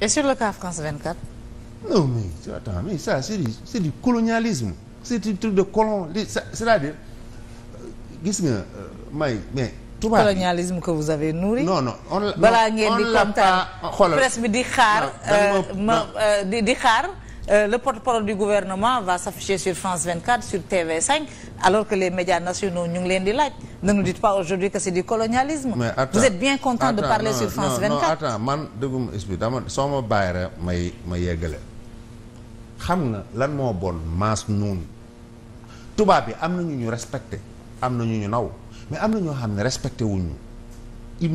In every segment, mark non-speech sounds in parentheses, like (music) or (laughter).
et sur le cas France 24. non mais attends mais ça c'est du c'est du colonialisme c'est du truc de euh, gis nga euh, may mais. tubaab colonialisme que vous avez nourri. balaa ngeen di kontaan oh, presse bi di xaar. Euh, ma di di xaar. le porte-parole du gouvernement va s'afficher sur France 24 sur TV5 alors que les médias nationaux ñu ngi leen di laaj. na nous dites pas aujourd'hui que c'est du colonialisme. mais attends, vous êtes bien content attends, de parler non, sur France 24 non man dëgguma explique dama soo ma bàyyi rek may ma yeggale. xam nga lan moo bon maas noonu tubaab bi am na ñu ñu respecté am na ñu ñu naw mais am na ñoo xam ne respecté wuñu ils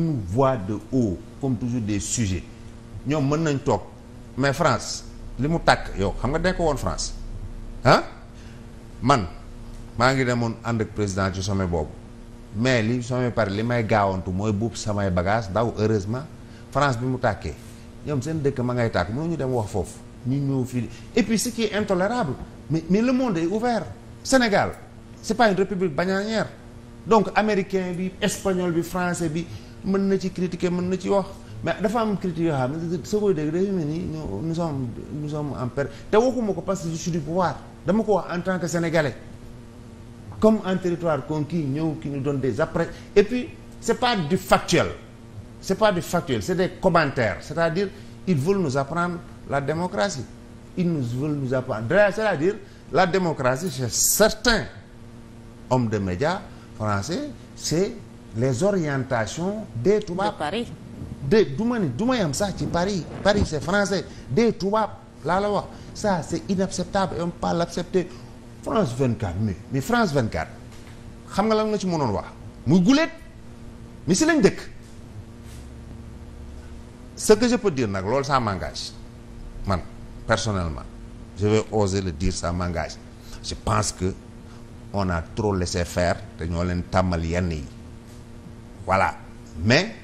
de haut comme toujours des sujets ñoom mën nañ toog mais France li mu tàkk yow xam nga dee ko woon France ah man maa ngi demoon ànd ak président ci sommet boobu. mais li samay pare li may gaawantu mooy buub samay bagage daw heureusement France bi mu tàkkee ñoom seen dëkk ma ngay tàkk ñu dem wax foofu ñu ñëw fii et puis ce qui est intolérable mais mais le monde est ouvert Sénégal c'est pas une république donc américain bi espagnol bi français bi mën na ci critiquer mën na ci wax mais dafa am critique yoo xam ne soo koy dégg dafa mel ni nous sommes nous sommes en perte te waxuma ko parce que je suis dama ko wax en tant que sénégalais comme en territoire conquis ñëw ki ñu doon des après et puis c'est pas du factuel c'est pas du factuel c'est des commentaires c'est-à-dire ils veulent nous apprendre la démocratie ils nous veulent nous apprendre c'est-à-dire la démocratie chez certains hommes de média français c'est les orientations des tubaab de Paris de du ma ni du ma yam sax ci Paris Paris c'est français des tubaab laa la wax ça c'est inacceptable et on peut pas l'accepter France 24 mais mais France 24 xam nga lan nga ci mënoon wax muy guléet mais si lañ dëkk ce que je peux dire nag loolu ça m'engage man personnellement je vais oser le dire ça mangage je pense que on a trop laissé faire dañoo leen tàmmal yenn yi voilà mais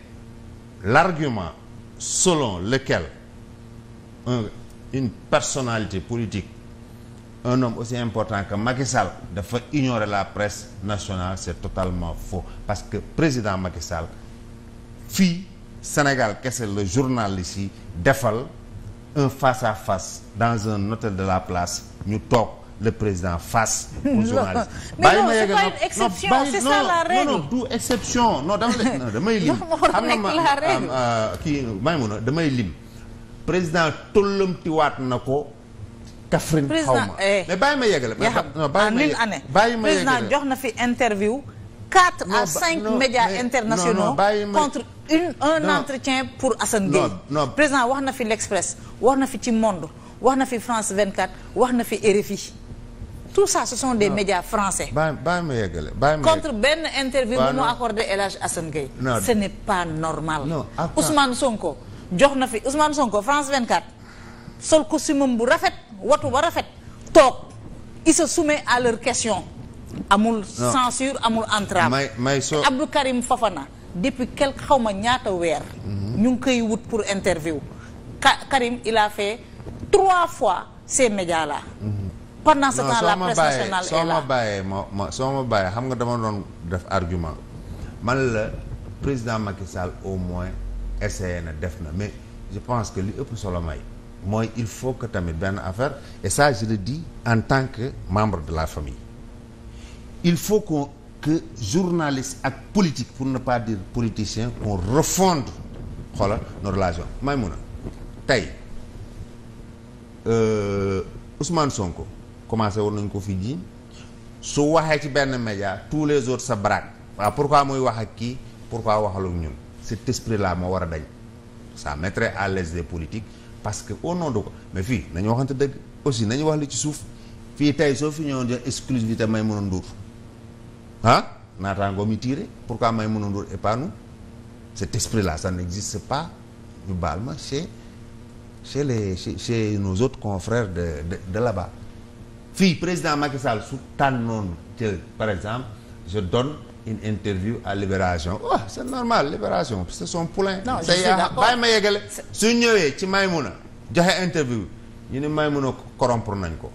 l'argument solon lequel un une personnalité politique un homme aussi important que Macky Sall dafa ignorer la presse nationale c'est totalement faux parce que président Macky Sall fii Sénégal kese la journaliste yi defal un face à face dans un hôtel de la place ñu toog le président face. (laughs) au journaliste bàyyi ma yeggal non bàyyi du exception non dama leen non damay lim. (laughs) xam nga euh, kii may mun a damay lim président tollamtiwaat na ko. Kaffrine xaw ma eh, mais bàyyi ma yeggale. mais bàyyi ma yeggale président jox na fi interview. 4 à 5 médias internationaux contre une un entretien pour Assane Gueye. président wax na fi l'Express wax na fi ci Monde wax na fi France 24 wax na fi RFI. tout ça ce sont des médias français. bàyyi bàyyi ma yeggale bàyyi ma contre benn interview bu mu accordé El Hadj Assane ce n'est pas normal. Ousmane Sonko jox na fi Ousmane Sonko France sol ko costume bu rafet watu ba rafet toog il se soumet à leurs questions amul censure amul entrave may may soo Abdou Karim Fafana depuis quelque xaw ma ñaata weer mhm. ñu ngi koy wut pour interview Ka Karim il a fait trois fois ces médias mhm. là pendant temps la presse nationale est là soo ma bàyyee ma ma soo ma xam nga dama doon def argument man la président Macky au moins essayé na def na mais je pense que li ëpp solo may mooy il faut que tamit benn affaire et ça je en tant que membre de la famille il faut que journaliste ak politique pour ne pas dire politicien qu'on refonde xoolal nos relations may mun a tey euh, Ousmane Sonko commencé woon nañ ko fi jiiñ su waxee ci benn média tous les autres sa waa pour pourquoi mooy wax ak kii pour pourquoi waxalum ñun cet esprit la moo war a dañ sa mettrait à l'aise des politiques parce que au nom de mais fii nañu waxante dëgg aussi nañu wax li ci suuf fii tey soo fi ñëwoon jox exclusivité may mën a nduur ah naataangoo mi tiire pour pourquoi may mën a nduur et pas nous cet esprit là ça n'existe pas ñu baal ma chez chez les chez, chez nos autres confrères de de, de là fii président Macky Sall su tànnoon jël par exemple je donne une interview à Libération waaw oh, c'est normal Libération c'est son poulain. non je suis ma yeggale. su ñëwee ci Maïmouna joxe interview ñu ne Maïmouna corrompre nañ ko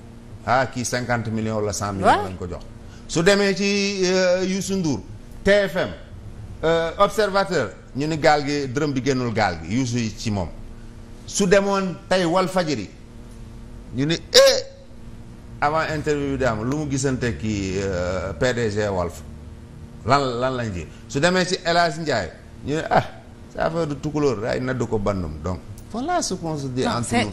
ah kii cinquante million wala cent millions. lañ ko jox su demee ci euh, Youssou nduur TFM euh, Observateur ñu ni gaal gi dërëm bi génnul gaal gi Youssou yi ci moom su demoon tey Walf yi ñu ne eh avant interview bi di am lu mu gisante kii euh, PDG Walf. lan lan lañ ji su demee si El Hadj Ndiaye ñu ne ah ça affaire de tukulóor ay na du ko bandum donc voilà ce qu'on se dit entre nous